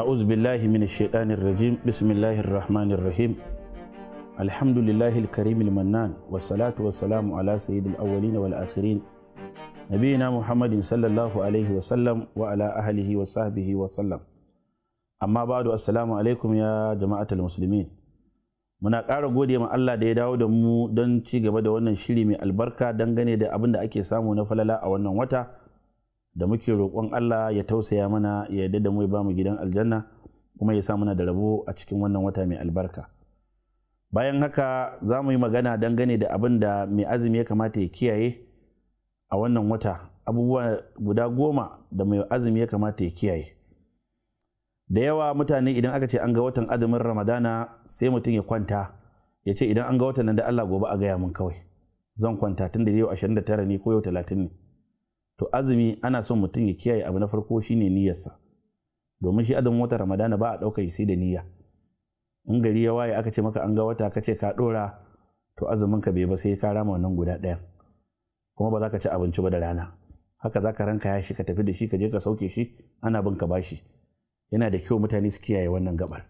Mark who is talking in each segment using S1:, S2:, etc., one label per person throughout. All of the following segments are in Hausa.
S1: أعوذ بالله من الشيطان الرجيم بسم الله الرحمن الرحيم الحمد لله الكريم المنان والصلاة والسلام على سيد الأولين والآخرين نبينا محمد صلى الله عليه وسلم وعلى أهله وصحبه وسلم أما بعد السلام عليكم يا جماعة المسلمين muna ƙara gode ma Allah da ya dawo da mu don ci gaba da wannan shiri mai albarka dangane da abin da ake samu na falala a wannan wata da muke roƙon Allah ya tausaya mana ya yarda da mu ya ba mu gidan aljanna kuma ya sa mana da rabo a cikin wannan wata mai albarka bayan haka za mu yi magana dangane da abin da mai azumi ya kamata ya kiyaye a wannan wata abubuwa guda goma da mai azumi ya kamata ya kiyaye da yawa mutane idan aka ce an ga watan azumin ramadana sai mutum ya kwanta ya ce idan an ga watan nan da Allah gobe a gaya min kawai zan kwanta tun da yau 29 ne ko yau 30 ne to azumi ana son mutum ya kiyaye abu na farko shine niyyarsa domin shi azumin wata ramadana ba a ɗaukar sai da niyya in gari ya waye aka ce maka an ga wata ka ce ka ɗora to azumin ka bai ba sai ka rama wannan guda ɗaya kuma ba za ka ci abinci ba da rana haka za ka ranka ya shi ka tafi da shi ka je ka sauke shi ana bin ka bashi yana da kyau mutane su kiyaye wannan gabar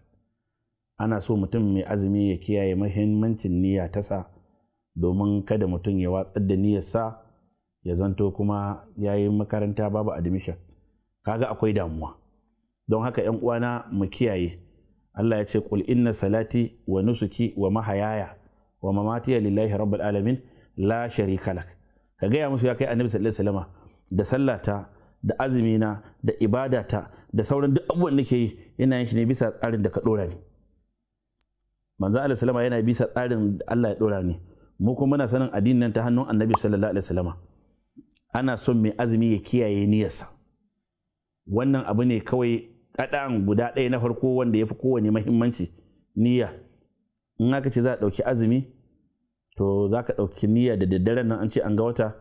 S1: ana so mutum mai azumi ya kiyaye mahimmancin niyya ta sa domin kada mutum ya watsar da niyyarsa ya zanto kuma ya yi makaranta babu admission kaga akwai damuwa don haka yan uwana mu kiyaye Allah ya ce qul inna salati wa nusuki wa mahayaya wa mamati lillahi rabbil alamin la sharika lak ka gaya musu ya kai annabi sallallahu alaihi wasallama da sallata da azumina da ibadata da sauran duk abubuwan nake yi ina yin shi ne bisa tsarin da ka dora ni manzo alaihi yana bisa tsarin da Allah ya dora ni mu kuma muna sanin addinin ta hannun annabi sallallahu alaihi wasallama ana son mai azumi ya kiyaye niyarsa wannan abu ne kawai ɗaɗan guda ɗaya na farko wanda ya fi kowane mahimmanci niyya in aka ce za a ɗauki azumi to za ka ɗauki niyya da daddare nan an ce an ga wata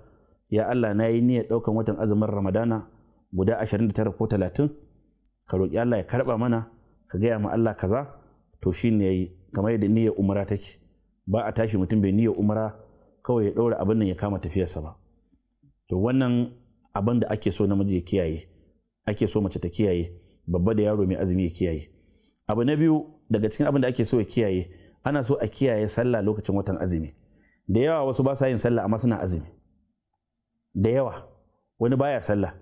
S1: ya Allah na yi niyyar ɗaukan watan azumin ramadana guda 29 ko 30 ka roƙi Allah ya karɓa mana ka gaya ma Allah kaza to shi ne ya yi kamar yadda niyyar umara take ba a tashi mutum bai niyyar umara kawai ya ɗaura abin nan ya kama tafiyarsa ba to wannan abin da ake so namiji ya kiyaye ake so mace ta kiyaye babba da yaro mai azumi ya kiyaye abu na biyu daga cikin abin da ake so ya kiyaye ana so a kiyaye sallah lokacin watan azumi da yawa wasu ba sa yin sallah amma suna azumi da yawa wani baya sallah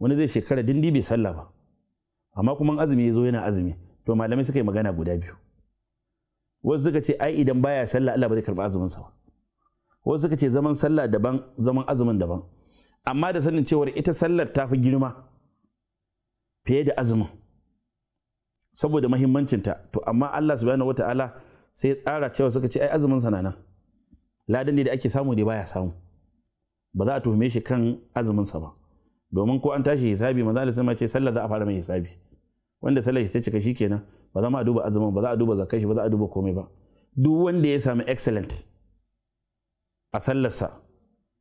S1: wani zai shekara dindi bai sallah ba amma kuma azumi ya zo yana azumi to malamai suka yi magana guda biyu wasu suka ce ai idan baya sallah Allah ba zai karɓi azumin sa ba wasu suka ce zaman sallah daban zaman azumin daban amma da sanin cewar ita sallar ta fi girma fiye da azumin saboda mahimmancinta to amma Allah subhanahu wata'ala sai ya tsara cewa suka ce ai azumin nan ladan ne da ake samu da baya samu ba za a tuhume shi kan azumin sa ba domin ko an tashi hisabi manzo Allah sai ce sallar za a fara mai hisabi wanda sallar ta cika shikenan ba za ma duba azumin ba za a duba zakar shi ba za a duba komai ba duk wanda ya samu excellent a sallarsa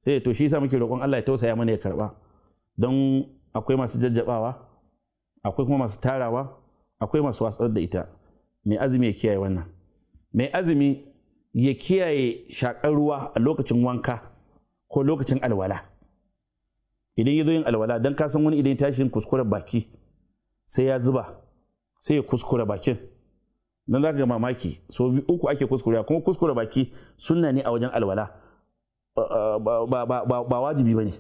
S1: sai to shi sa muke roƙon Allah ya tausaya mana ya karba don akwai masu jajjabawa akwai kuma masu tarawa akwai masu watsar da ita mai azumi ya kiyaye wannan mai azumi ya kiyaye shakar ruwa a lokacin wanka ko lokacin alwala idan ya zo yin alwala don kasan wani idan ya tashi kuskure baki sai ya zuba sai ya kuskure bakin don za ka ga mamaki so uku ake kuskure kuma kuskure baki sunna ne a wajen alwala ba wajibi ba ne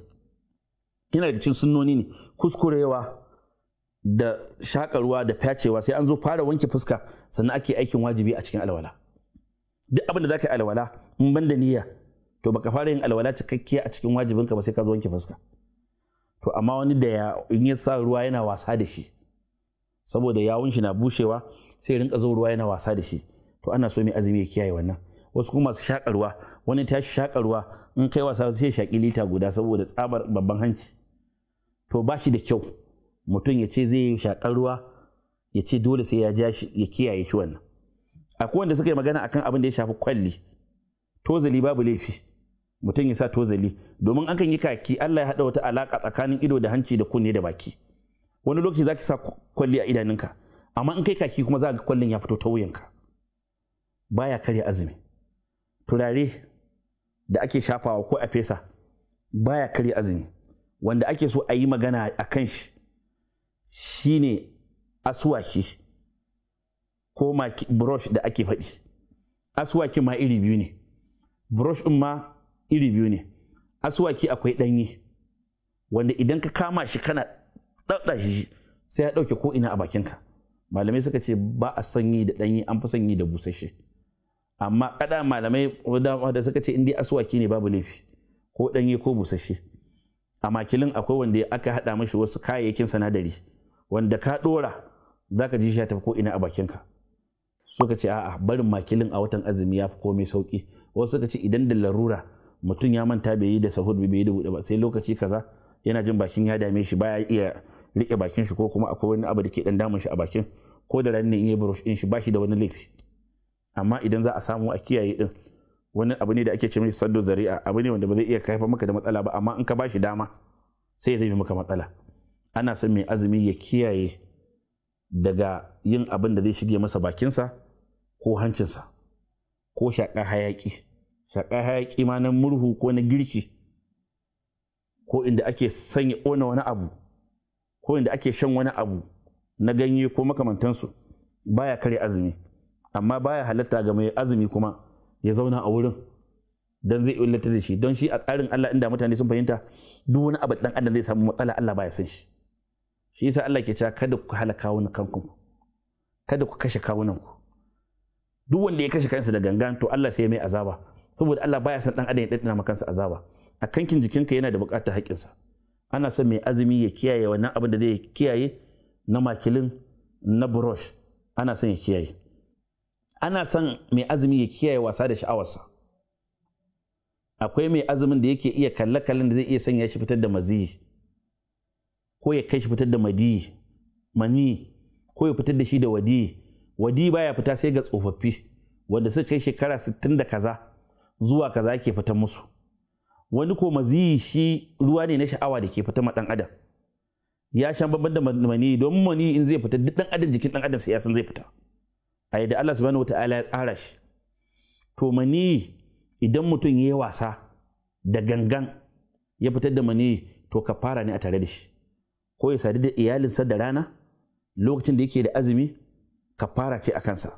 S1: yana da cin sunnoni ne kuskurewa da shakarwa da fyacewa sai an zo fara wanke fuska sannan ake aikin wajibi a cikin alwala duk abin da za ka yi alwala in ban da niyya to baka fara yin alwala cikakke a cikin wajibinka ba sai ka zo wanke fuska to amma wani da ya in ya sa ruwa yana wasa da shi saboda yawun shi na bushewa sai rinka zo ruwa yana wasa da shi to ana so mai azumi ya kiyaye wannan wasu kuma su shakarwa wani tashi shakarwa in kai wasa sai shaƙi lita guda saboda tsabar babban hanci to ba shi da kyau mutum ya ce zai shaƙar ruwa ya ce dole sai ya ja shi ya kiyaye shi wannan akwai wanda suka yi magana akan abin da ya shafi kwalli tozali babu laifi mutum ya sa tozali domin an kan yi kaki Allah ya haɗa wata alaka tsakanin ido da hanci da kunne da baki wani lokaci zaki sa kwalli a idanunka amma in kai kaki kuma za ga kwallin ya fito ta wuyanka baya karya azumi turare da ake shafawa ko a fesa baya karya azumi wanda ake so a yi magana a kan shi shine asuwaki ko brush da ake faɗi asuwaki ma iri biyu ne brush ɗin ma iri biyu ne asuwaki akwai ɗanyi wanda idan ka kama shi kana ɗaɗa shi sai ya ɗauke ko ina a bakinka malamai suka ce ba a sanyi da ɗanyi an fi sanyi da busasshe amma kada malamai da suka ce indai aswaki ne babu laifi ko danye ko busasshe a makilin akwai wanda aka hada mashi wasu kayayyakin sanadari wanda ka dora zaka ji shi tafi ko ina a bakinka suka ce a'a barin makilin a watan azumi ya fi komai sauki wasu suka ce idan da larura mutum ya manta bai yi da sahur bai yi da buɗe ba sai lokaci kaza yana jin bakin ya dame shi baya iya rike bakin shi ko kuma akwai wani abu da ke dan damun shi a bakin ko da ranne in yi burush din shi ba shi da wani laifi amma idan za a samu a kiyaye din wani abu ne da ake ce mai saddo zari'a abu ne wanda ba zai iya haifar maka da matsala ba amma in ka bashi dama sai zai yi maka matsala ana son mai azumi ya kiyaye daga yin abin da zai shige masa bakinsa ko hancinsa ko shaƙar hayaƙi shaƙar hayaƙi ma na murhu ko na girki ko inda ake sanya ƙona wani abu ko inda ake shan wani abu na ganye ko makamantansu baya kare azumi amma baya halatta ga mai azumi kuma ya zauna a wurin dan zai illata da shi don shi a tsarin Allah inda mutane sun fahimta duk wani abu dan adam zai samu matsala Allah baya san shi shi yasa Allah ke cewa kada ku halaka wani kanku kada ku kashe kawunan ku duk wanda ya kashe kansa da gangan to Allah sai mai azaba saboda Allah baya san dan adam ya daddana maka kansa azaba a kankin jikinka yana da bukatar haƙƙinsa ana son mai azumi ya kiyaye wannan abin da zai kiyaye na makilin na brush ana son ya kiyaye ana son mai azumi ya kiyaye wasa da sha'awarsa akwai mai azumin da yake iya kalle-kallen da zai iya sanya shi fitar da maziyi ko ya kai shi fitar da madiyi mani ko ya fitar da shi da wadi wadi baya fita sai ga tsofaffi wanda suka kai shekara 60 da kaza zuwa kaza ke fita musu wani ko maziyi shi ruwa ne na sha'awa da ke fita ma dan adam ya sha babban da mani don mani in zai fita duk dan adam jikin dan adam sai ya san zai fita a yadda Allah subhanahu ta'ala ya tsara shi to mani idan mutum ya yi wasa da gangan ya fitar da mani to ka fara ne a tare da shi ko ya sadu da iyalinsa da rana lokacin da yake da azumi ka fara ce a kansa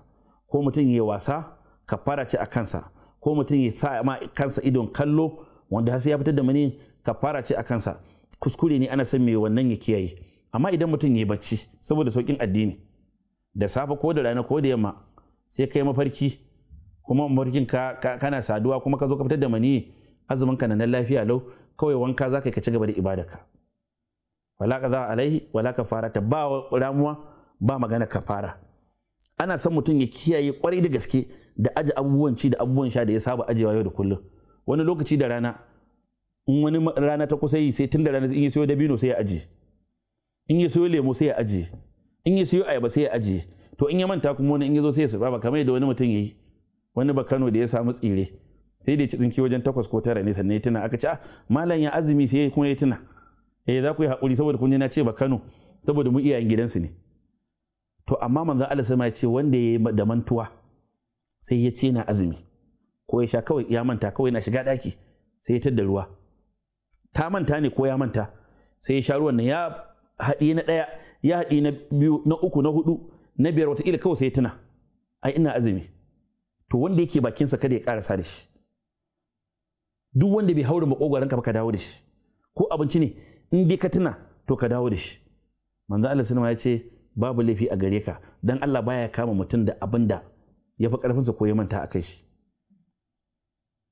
S1: ko mutum ya yi wasa ka fara ce a kansa ko mutum ya sa ma kansa idon kallo wanda har ya fitar da mani ka fara ce a kansa kuskure ne ana son mai wannan ya kiyaye amma idan mutum ya yi bacci saboda saukin addini da safe ko da rana ko da yamma sai kai mafarki kuma mafarkin ka kana saduwa kuma ka zo ka fitar da mani azumin ka nan lafiya lau kawai wanka za ka ka ci gaba da ibadarka wala ka kaza alaihi wala ka fara ta ba ramuwa ba magana ka fara? ana son mutum ya kiyaye kwarai da gaske da aji abubuwan ci da abubuwan sha da ya saba ajewa yau da kullum wani lokaci da rana in wani rana ta kusa yi sai tun da rana in ya sayo dabino sai ya aji in ya sayo lemo sai ya aji. in ya siyo ayaba sai ya ajiye to in ya manta kuma wani in ya zo sai ya saba kamar yadda wani mutum ya yi wani ba Kano da ya samu tsire sai da ya ci tsinki wajen takwas ko tara ne sannan ya tuna aka ce a ah, malam ya azumi sai kuma ya tuna eh za ku yi haƙuri saboda kun na ce ba Kano saboda mu iyayen gidansu ne to amma manzo Allah a ya ce wanda ya yi da mantuwa sai ya ce na azumi ko ya sha kawai ya manta kawai na shiga daki sai ya tadda ruwa ta manta ne ko ya manta sai ya sha ruwan nan ya haɗi na ɗaya ya haɗi na biyu na uku na hudu na biyar wataƙila kawai sai tuna ai ina azumi to wanda yake bakinsa kada ya ƙarasa da shi duk wanda bai haura ka ba ka dawo da shi ko abinci ne in dai ka tuna to ka dawo da shi manzo Allah sunan ya ce babu laifi a gare ka dan Allah baya kama mutum da abin da ya fi karfinsa ko ya manta a kai shi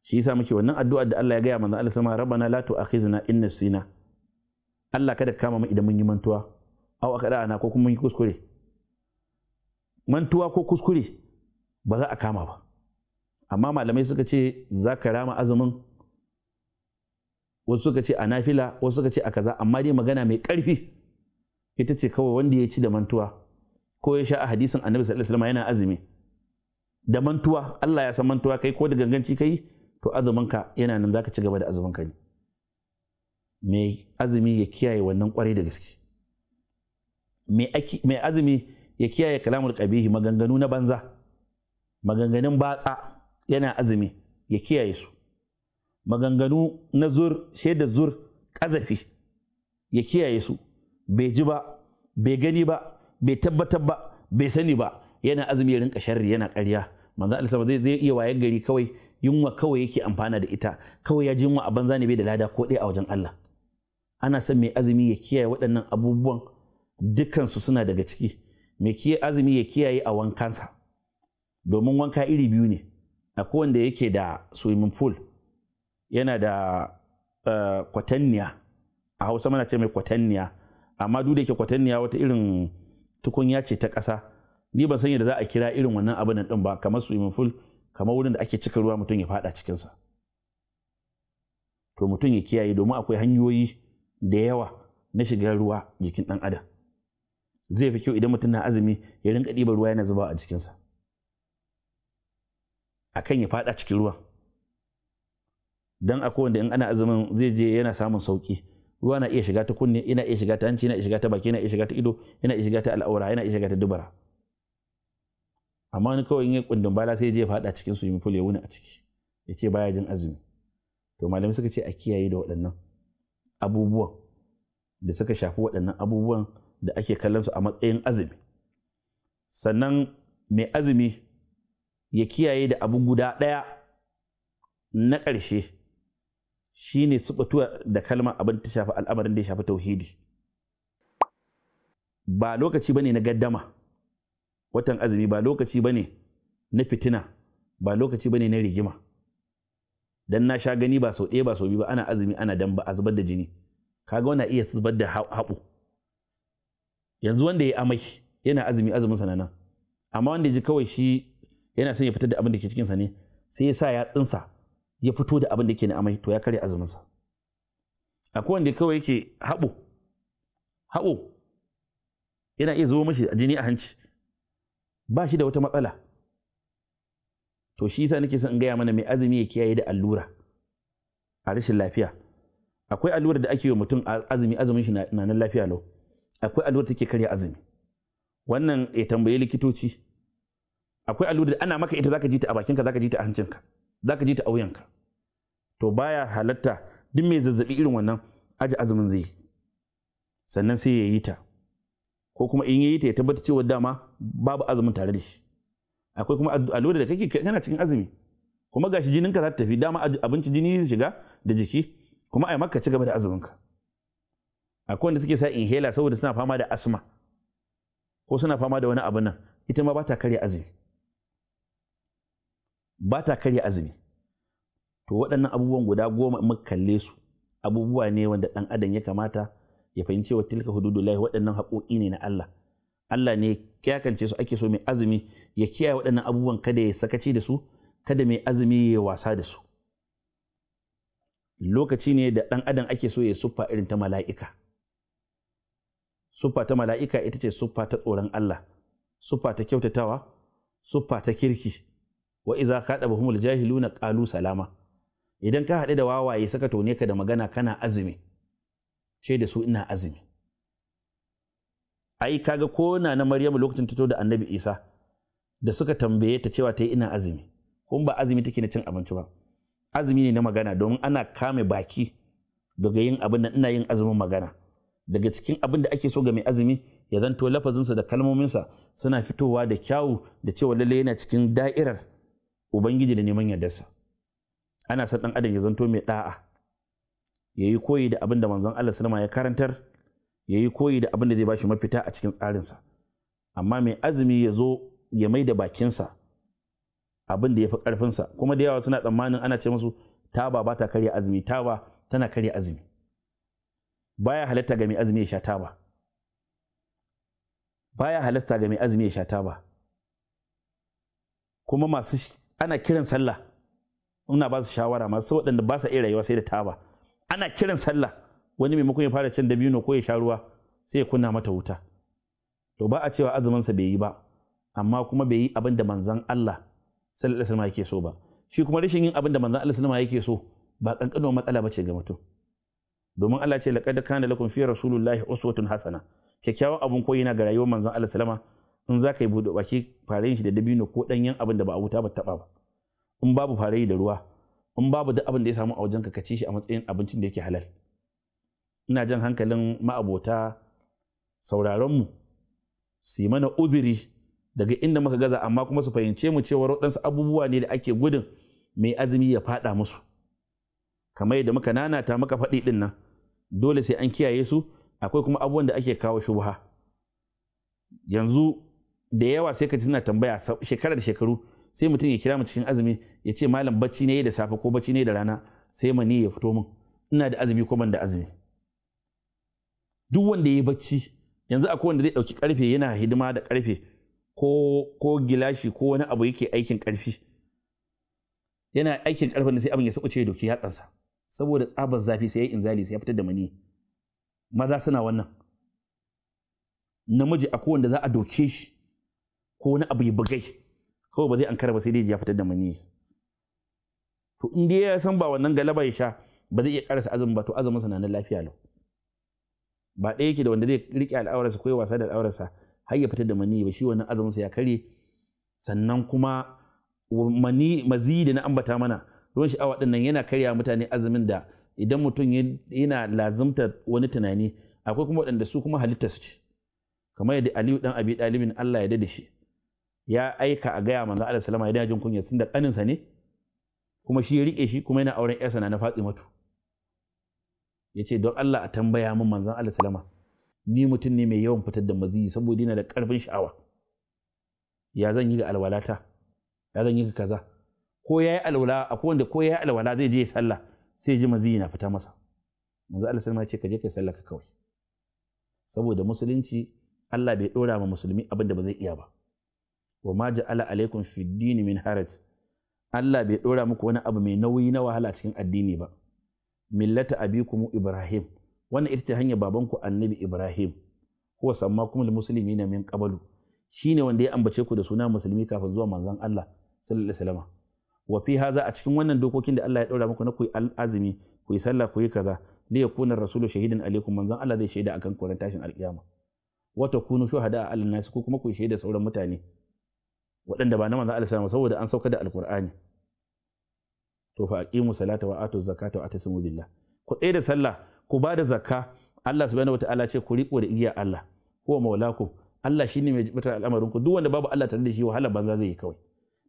S1: shi yasa muke wannan addu'a da Allah ya gaya manzo Allah sunan rabbana la tu'akhizna in nasina Allah kada ka kama mu idan mun yi mantuwa au ɗa'ana ko kuma mun yi kuskure mantuwa ko kuskure ba za a kama ba amma malamai suka ce za ka rama azumin wasu suka ce a nafila wasu suka ce a kaza amma dai magana mai ƙarfi ita ce kawai wanda ya ci da mantuwa ko ya sha a hadisin annabi sallallahu alaihi yana azumi da mantuwa Allah ya san mantuwa kai ko da ganganci kai to azuminka yana nan zaka ci gaba da ka ne mai azumi ya kiyaye wannan kwarai da gaske mai azumi ya kiyaye kalamul qabihi maganganu na banza maganganun batsa yana azumi ya kiyaye su maganganu na zur da zur kazafi ya kiyaye su bai ji ba bai gani ba bai tabbatar ba bai sani ba yana azumi ya rinka sharri yana ƙarya manzo Allah zai zai iya wayar gari kawai yunwa kawai yake amfana da ita kawai ya ji yunwa a banza ne bai da lada ko ɗaya a wajen Allah ana son mai azumi ya kiyaye waɗannan abubuwan dukansu suna daga ciki mai kiyaye azumi ya kiyaye a wankansa domin wanka iri biyu ne a wanda yake da swimming pool yana da eh, kwatanniya a hausa mana ce mai kwatanniya amma duk da yake kwatanniya wata irin tukunya ce ta ƙasa ni ban san yadda za a kira irin wannan abin din ba kamar swimming pool kamar wurin da ake cika ruwa mutum ya faɗa cikinsa to mutum ya kiyaye domin akwai hanyoyi da yawa na shigar ruwa jikin ɗan adam zai fi kyau idan mutum na azumi ya rinka ɗiba ruwa yana zuba a jikinsa kan ya faɗa cikin ruwa don a wanda in ana azumin zai je yana samun sauƙi. ruwa na iya shiga ta kunne yana iya shiga ta hanci yana iya shiga ta baki yana iya shiga ta ido yana iya shiga ta al'aura yana iya shiga ta dubara amma wani kawai in ya kundin bala sai je faɗa cikin su yi ya wuni a ciki ya ce baya jin azumi to malamai suka ce a kiyaye da waɗannan abubuwan da suka shafi waɗannan abubuwan da ake kallon su a matsayin azumi sannan mai azumi ya kiyaye da abu guda ɗaya na ƙarshe shi ne subatuwa da kalma abin ta shafi al'amarin da ya shafi tauhidi ba lokaci ba ne na gaddama watan azumi ba lokaci ba ne na fitina ba lokaci ba ne na rigima dan na sha gani ba sau ɗaya ba sau biyu ba ana azumi ana damba a zubar da jini kaga wana iya zubar da haɓu yanzu wanda ya amai yana azumi azumin sa nan amma wanda ya ji kawai shi yana son ya fitar da abin da ke cikin sa ne sai ya sa yatsinsa ya fito da abin da ke na amai to ya karya azumin sa akwai wanda kawai yake habo habo yana iya zuwa mashi jini a hanci ba shi da wata matsala to shi yasa nake son in gaya mana mai azumi ya kiyaye da allura a rashin lafiya akwai allura da ake yi mutum azumi azumin shi na nan lafiya lau akwai allurar take karya azumi wannan ya tambayi likitoci akwai allurar ana maka ita zaka ji ta a bakinka zaka ji ta a hancinka zaka ji ta a wuyanka to baya halatta duk mai zazzabi irin wannan aji azumin zai sannan sai ya yi ta ko kuma in yayi ta ya tabbata cewa dama babu azumin tare da shi akwai kuma allurar da kake kana cikin azumi kuma gashi jininka za ta tafi dama abinci jini zai shiga da jiki kuma ai maka ci gaba da azuminka akwai wanda suke sa inhaler saboda suna fama da asma ko suna fama da wani abun nan ita ma ba ta karya azumi ba karya azumi to waɗannan abubuwan guda goma in muka kalle su abubuwa ne wanda ɗan adam ya kamata ya fahimci wa tilka hududullahi waɗannan haƙoƙi ne na Allah Allah ne kiyakance su ake so mai azumi ya kiyaye waɗannan abubuwan kada ya sakaci da su kada mai azumi ya wasa da su lokaci ne da ɗan adam ake so ya suffa irin ta mala'ika suffa ta mala'ika ita ce suffa ta tsoron Allah suffa ta kyautatawa suffa ta kirki wa iza khadabahumul jahiluna qalu salama idan ka haɗu da wawaye saka tone ka da magana kana azumi ce da su ina azumi ai kaga ko na na Maryamu lokacin ta da Annabi Isa da suka tambaye ta cewa ta yi ina azumi kun ba azumi take na cin abinci ba azumi ne na magana domin ana kame baki daga yin abin nan ina yin azumin magana daga cikin abin da ake so ga mai azumi ya zanto lafazinsa da kalmominsa suna fitowa da kyawu da cewa lalle yana cikin da'irar ubangiji da neman yardarsa ana son dan adam ya zanto mai da'a ya yi koyi da abin da manzon Allah sallama ya karantar ya yi koyi da abin da zai bashi mafita a cikin tsarinsa amma mai azumi ya zo ya mai da bakinsa abin da ya fi ƙarfinsa kuma da yawa suna tsammanin ana ce musu taba ba ta karya azumi taba tana karya azumi baya halatta ga mai azumi ya sha taba baya halatta ga mai azumi ya sha taba kuma masu ana kiran sallah ina ba su shawara masu waɗanda ba sa iya rayuwa sai da taba ana kiran sallah wani maimakon ya fara cin dabino ko ya sha ruwa sai ya kunna mata wuta to ba a cewa azuminsa bai yi ba amma kuma bai yi abin da manzon Allah sallallahu alaihi wasallam yake so ba shi kuma rashin yin abin da manzon Allah sallallahu alaihi wasallam yake so ba kankanin matsala bace ga mutum domin Allah ce laqad kana lakum fi rasulillahi uswatun hasana kyakkyawan abun koyi na ga rayuwar manzon Allah sallama in za ka yi buɗe baki farayin shi da dabino ko danyen abin da ba a wuta ba taba ba in babu farayi da ruwa in babu duk abin da ya samu a wajenka ka ci shi a matsayin abincin da yake halal ina jan hankalin ma'abota sauraronmu su yi mana uzuri daga inda muka gaza amma kuma su fahimce mu cewa waɗansu abubuwa ne da ake gudun mai azumi ya faɗa musu kamar yadda muka nanata muka faɗi ɗin nan dole sai an kiyaye su akwai kuma abubuwan da ake kawo shubha yanzu da yawa sai ka ji suna tambaya shekara da shekaru sai mutum ya kira mu cikin azumi ya ce malam bacci ne da safe ko bacci ne da rana sai mani ya fito min ina da azumi ko ban da azumi duk wanda ya bacci yanzu akwai wanda zai dauki karfe yana hidima da karfe ko ko gilashi ko wani abu yake aikin karfi yana aikin karfin da sai abin ya sabuce doki yatsansa saboda tsabar zafi sai ya yi inzali sai ya fitar da mani maza suna wannan namiji a kowanda za a doke shi ko wani abu ya bugai kawai ba zai an ba sai dai ya fitar da mani to in dai ya san ba wannan galaba ya sha ba zai iya karasa azumin ba to azumin sa na lafiya lau ba ɗaya yake da wanda zai rike al'aurarsa ko ya wasa da al'aurarsa har ya fitar da mani ba shi wannan azumin sa ya kare sannan kuma mani mazi da na ambata mana ruwan sha'awa din nan yana karya mutane azumin da idan mutum yana lazimta wani tunani akwai kuma waɗanda su kuma halitta su ce kamar yadda Aliyu dan Abi Dalibin Allah ya dade shi ya aika a gaya manzo Allah sallama ya jin kunya sun da kaninsa ne kuma shi ya rike shi kuma yana auren yarsa na Fatimatu ce don Allah a tambaya min manzo Allah sallama ni mutum ne mai yawan fitar da maziyi saboda yana da karfin sha'awa ya zan yi ga alwalata ya zan yi ga kaza ko ya yi alwala akwai wanda ko ya yi alwala zai je ya sallah sai ji mazi na fita masa manzo Allah ma ce ka je kai sallah kawai saboda musulunci Allah bai dora ma musulmi abin da ba zai iya ba wa ma ja'ala alaikum fi din min haraj Allah bai dora muku wani abu mai nauyi na wahala cikin addini ba millata abikum ibrahim wannan ita ce hanyar babanku annabi ibrahim huwa sammakum almuslimina min qablu shine wanda ya ambace ku da suna musulmi kafin zuwa manzon Allah sallallahu alaihi wasallam wa fi haza a cikin wannan dokokin da Allah ya daura muku na ku azumi ku yi sallah ku yi kaza li yakuna rasulu shahidan alaikum manzon Allah zai shaida akan ku tashin alkiyama wa takunu shuhada ala nas ko kuma ku shaida sauran mutane waɗanda ba na manzon Allah sallallahu saboda an sauka da alqur'ani to fa aqimu salata wa atu zakata wa atasimu billah ku tsaye da sallah ku ba da zakka Allah subhanahu wataala ce ku riko da igiya Allah ko maulakum Allah shine mai jibitar al'amarin ku duk wanda babu Allah tare da shi wahala banza zai yi kawai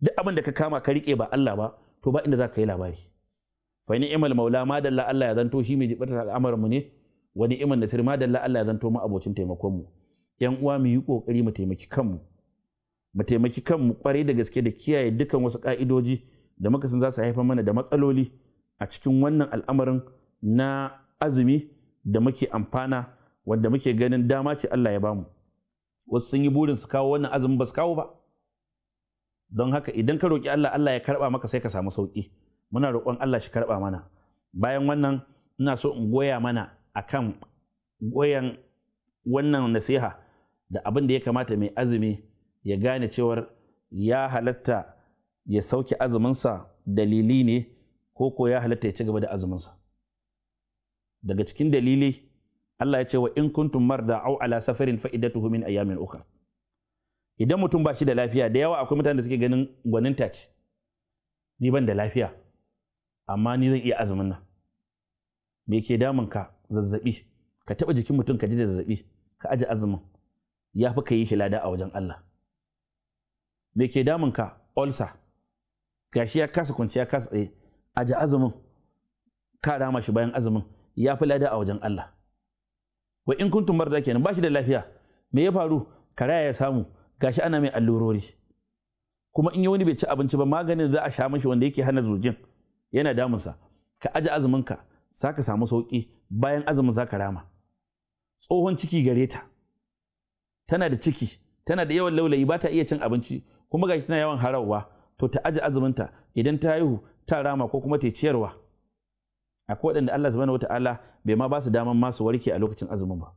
S1: duk abin da ka kama ka riƙe ba Allah ba to ba inda za ka yi labari fa Imal maula ma dalla Allah ya zanto shi mai jibatar al'amarin mu ne wa Imal nasir ma dalla Allah ya zanto mu abocin taimakon mu yan uwa mu yi kokari mu taimaki kanmu mu taimaki kanmu kwarai da gaske da kiyaye dukkan wasu ka'idoji da muka san za su haifar mana da matsaloli a cikin wannan al'amarin na azumi da muke amfana wanda muke ganin dama ce Allah ya bamu wasu sun yi burin su kawo wannan azumin ba su kawo ba don haka idan ka roƙi Allah Allah ya karɓa maka sai ka samu sauƙi muna roƙon Allah shi karɓa mana bayan wannan ina so in goya mana akan goyan wannan nasiha da abin da ya kamata mai azumi ya gane cewar ya halatta ya sauke azuminsa dalili ne ko ko ya halatta ya ci gaba da azuminsa daga cikin dalili Allah ya ce wa in kuntum marda au ala safarin fa'idatuhu min ayamin ukhra idan mutum ba shi da lafiya da yawa akwai mutanen da suke ganin gwanin taci ni ban da lafiya amma ni zan iya azumin nan me ke damun ka zazzabi ka taba jikin mutum ka ji da zazzabi ka aje azumin ya fi ka yi shi lada a wajen Allah me ke damun ka olsa gashi ya kasa kunci ya kasa tsaye aje azumin ka rama shi bayan azumin ya fi lada a wajen Allah wa in kuntum marda kenan ba shi da lafiya me ya faru karaya ya samu gashi ana mai allurori kuma in yi wani bai ci abinci ba maganin za a sha mashi wanda yake hana zujin yana damunsa ka aje azuminka za ka samu sauƙi bayan azumin za ka rama tsohon ciki gare ta tana da ciki tana da yawan laulayi ba ta iya cin abinci kuma gashi tana yawan harawa to ta aje azuminta idan ta haihu ta rama ko kuma ta ciyarwa akwai waɗanda Allah subhanahu wataala bai ma ba su daman masu warke a lokacin azumin ba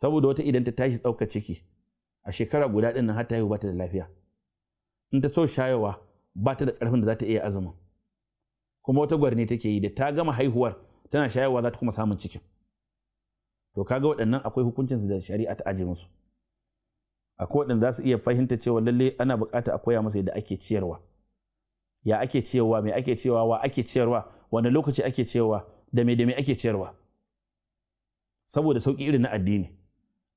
S1: saboda wata idan ta tashi tsaukar ciki a shekara guda ɗin nan har ta haihu ba ta da lafiya in ta so shayowa ba ta da ƙarfin da za ta iya azumin kuma wata gwarni take yi da ta gama haihuwar tana shayowa za ta kuma samun cikin to kaga waɗannan akwai hukuncinsu da shari'a ta aje musu akwai waɗanda za su iya fahimta cewa lalle ana buƙata a koya masa yadda ake ciyarwa ya ake ciyarwa me ake ciyarwa wa ake ciyarwa wani lokaci ake ciyarwa da me da me ake ciyarwa saboda sauƙi irin na addini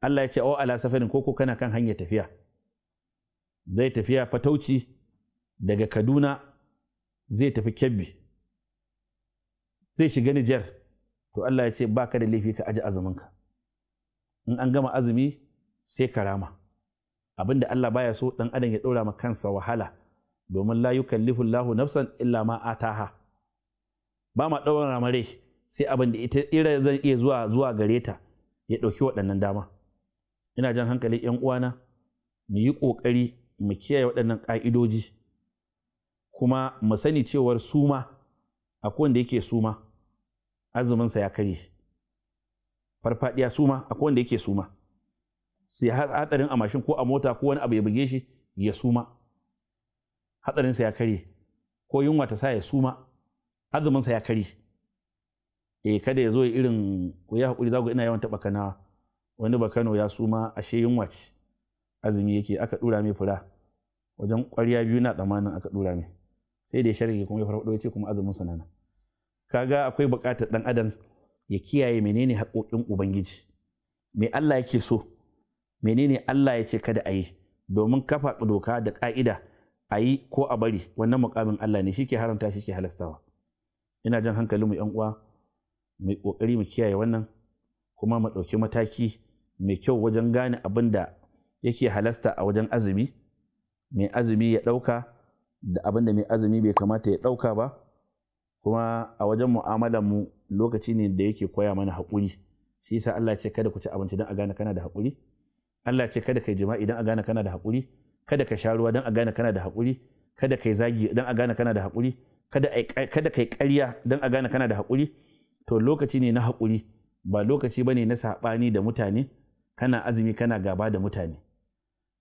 S1: Allah ya ce awa ala safarin koko kana kan hanyar tafiya zai tafiya fatauci daga Kaduna zai tafi Kebbi zai shiga Nijar to Allah ya ce ba ka da laifi ka aji azuminka in an gama azumi sai ka rama da Allah baya so dan adam ya ɗora ma kansa wahala domin la yukallifu Allahu nafsan illa ma ataha ba ma ɗora mare sai abin da ita ira zan iya zuwa zuwa gare ta ya ɗauki waɗannan dama ina jan hankali yan uwana mu yi ƙoƙari mu kiyaye waɗannan ƙa'idoji kuma mu sani cewar suma akwai wanda yake suma azuminsa ya karye farfadiya suma akwai wanda yake suma sai hatsarin a mashin ko a mota ko wani abu ya buge shi ya suma hatsarinsa ya karye ko yunwa ta sa ya suma azuminsa ya karye eh kada ya zo irin ku ya hakuri za ku ina yawan taɓa kanawa wani ba Kano ya suma ashe yunwa azumi yake aka dura mai fura wajen ƙwarya biyu na tsamanin aka dura mai sai da ya sharhi kuma ya farfaɗo ya ce kuma azumin sanana kaga akwai buƙatar ɗan adam ya kiyaye menene haƙoƙin ubangiji me Allah yake so menene Allah ya ce kada a yi domin kafa doka da ƙa'ida a yi ko a bari wannan muƙamin Allah ne shi ke haramta shi ke halastawa ina jan hankalin mu 'yan uwa mai ƙoƙari mu kiyaye wannan kuma mu ɗauki mataki mai kyau wajen gane abin da yake halasta a wajen azumi mai azumi ya ɗauka da abin da mai azumi bai kamata ya ɗauka ba kuma a wajen mu'amalar mu lokaci ne da yake koya mana haƙuri shi yasa Allah ce kada ku ci abinci don a gane kana da haƙuri Allah ce kada kai jima'i don a gane kana da haƙuri kada ka sha ruwa don a gane kana da haƙuri kada kai zagi don a gane kana da haƙuri kada kai ƙarya don a gane kana da haƙuri to lokaci ne na haƙuri ba lokaci ba ne na saɓani da mutane kana azumi kana gaba da mutane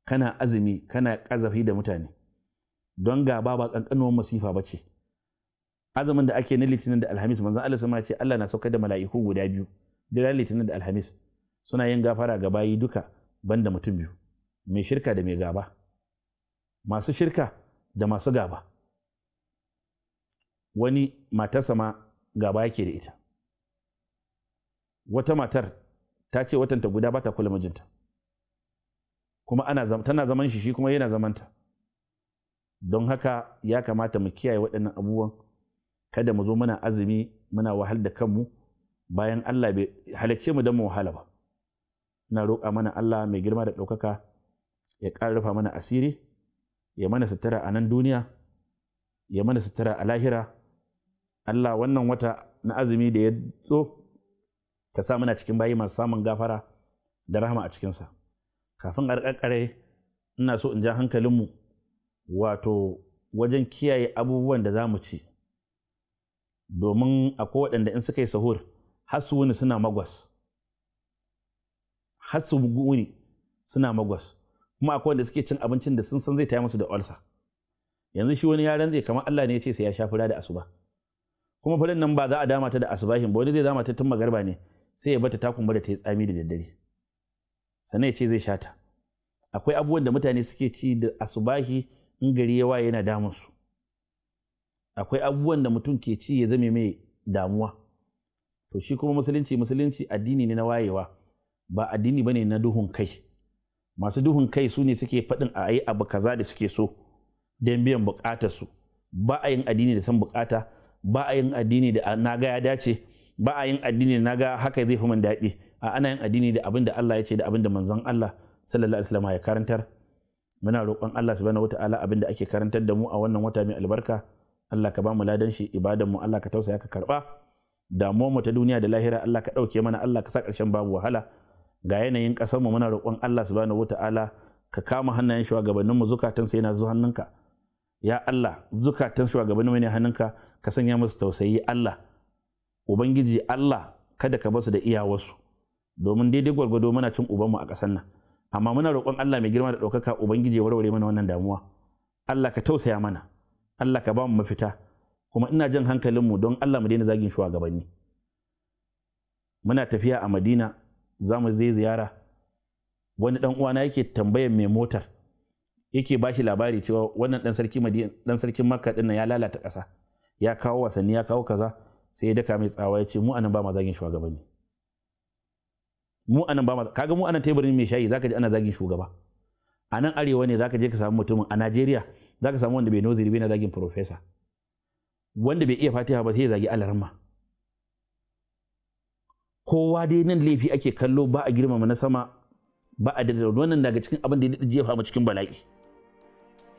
S1: kana azumi kana ƙazafi da mutane don gaba ba ƙanƙanuwar masifa ba ce azumin da ake na litinin da alhamis manzan Allah sama ce Allah na saukar da mala'iku guda biyu dira litinin da alhamis suna yin gafara ga bayi duka banda mutum biyu mai shirka da mai gaba masu shirka da masu gaba wani matarsa ma gaba yake da ita wata matar ta ce watanta guda ba ta kula mijinta kuma ana tana zaman shi shi kuma yana zamanta don haka ya kamata mu kiyaye waɗannan abubuwan kada mu zo muna azumi muna wahal da kanmu bayan Allah bai halicce mu don mu wahala ba ina roƙa mana Allah mai girma da ɗaukaka ya ƙara rufa mana asiri ya mana sutura a nan duniya ya mana sutura a lahira Allah wannan wata na azumi da ya zo. ka sa muna cikin bayi masu samun gafara da rahama a cikinsa kafin a ƙarƙare ina so in ja hankalinmu wato wajen kiyaye abubuwan da za mu ci domin akwai waɗanda in suka yi sahur har su wuni suna magwas har wuni suna magwas kuma akwai wanda suke cin abincin da sun san zai taya musu da olsa yanzu shi wani yaren zai kamar Allah ne ya ce sai ya sha fura da asuba kuma fulan nan ba za a dama da asubahin ba wani zai dama ta tun magarba ne sai ya bata ta da ta yi tsami da daddare sannan ya ce zai sha ta akwai abubuwan da mutane suke ci da asubahi in gari ya waye yana damun su akwai abubuwan da mutum ke ci ya zame mai damuwa to shi kuma musulunci musulunci addini ne na wayewa ba addini bane na duhun kai masu duhun kai su ne suke faɗin a yi abu kaza da suke so don biyan buƙatar su ba a yin addini da san bukata ba a yin addini da na ga ya dace ba a yin addini na ga haka zai fi mun daɗi a ana yin addini da abin da Allah ya ce da abin da manzon Allah sallallahu alaihi wasallam ya karantar muna roƙon Allah subhanahu wataala abin da ake karantar da mu a wannan wata mai albarka Allah ka ba mu ladan shi ibadan mu Allah ka tausaya ka karba da mu ta duniya da lahira Allah ka ɗauke mana Allah ka sa ƙarshen babu wahala ga yanayin ƙasar mu muna roƙon Allah subhanahu wataala ka kama hannayen shugabannin mu zukatan sai yana zuwa hannunka ya Allah zukatan shugabannin mu ne hannunka ka sanya musu tausayi Allah ubangiji Allah kada ka basu da iyawarsu domin daidai gwargwado muna cin ubanmu a ƙasar nan amma muna roƙon Allah mai girma da ɗaukaka ubangiji ya warware mana wannan damuwa Allah ka tausaya mana Allah ka ba mu mafita kuma ina jan hankalinmu don Allah mu daina zagin shugabanni muna tafiya a Madina za mu zai ziyara wani dan uwana yake tambayar mai motar yake ba shi labari cewa wannan ɗan sarki sarkin ya lalata ƙasa ya kawo wasanni ya kawo kaza sai ya daka mai tsawa ya ce mu anan ba ma zagin shugabanni mu anan ba ma kaga mu anan teburin mai shayi zaka ji ana zagin shugaba a nan arewa ne zaka je ka samu mutumin a Najeriya zaka samu wanda bai noziri bai na zagin professor wanda bai iya fatiha ba sai ya zagi alarma kowa dai nan laifi ake kallo ba a girmama na sama ba a da wannan daga cikin abin da ya jefa mu cikin bala'i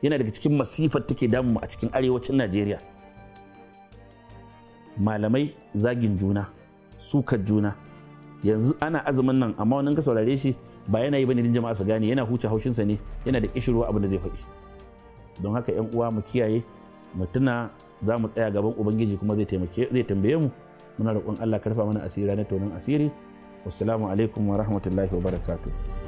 S1: yana daga cikin masifar take damu a cikin arewacin Najeriya malamai zagin juna sukar juna yanzu ana azumin nan amma wannan ka saurare shi ba yana yi bane din jama'a su gane yana huce haushinsa ne yana da kishirwa abin da zai faɗi don haka yan uwa mu kiyaye mu tuna za mu tsaya gaban ubangiji kuma zai taimake zai tambaye mu muna roƙon Allah karfa mana asiri ranar tonon asiri wassalamu alaikum wa rahmatullahi wa barakatuh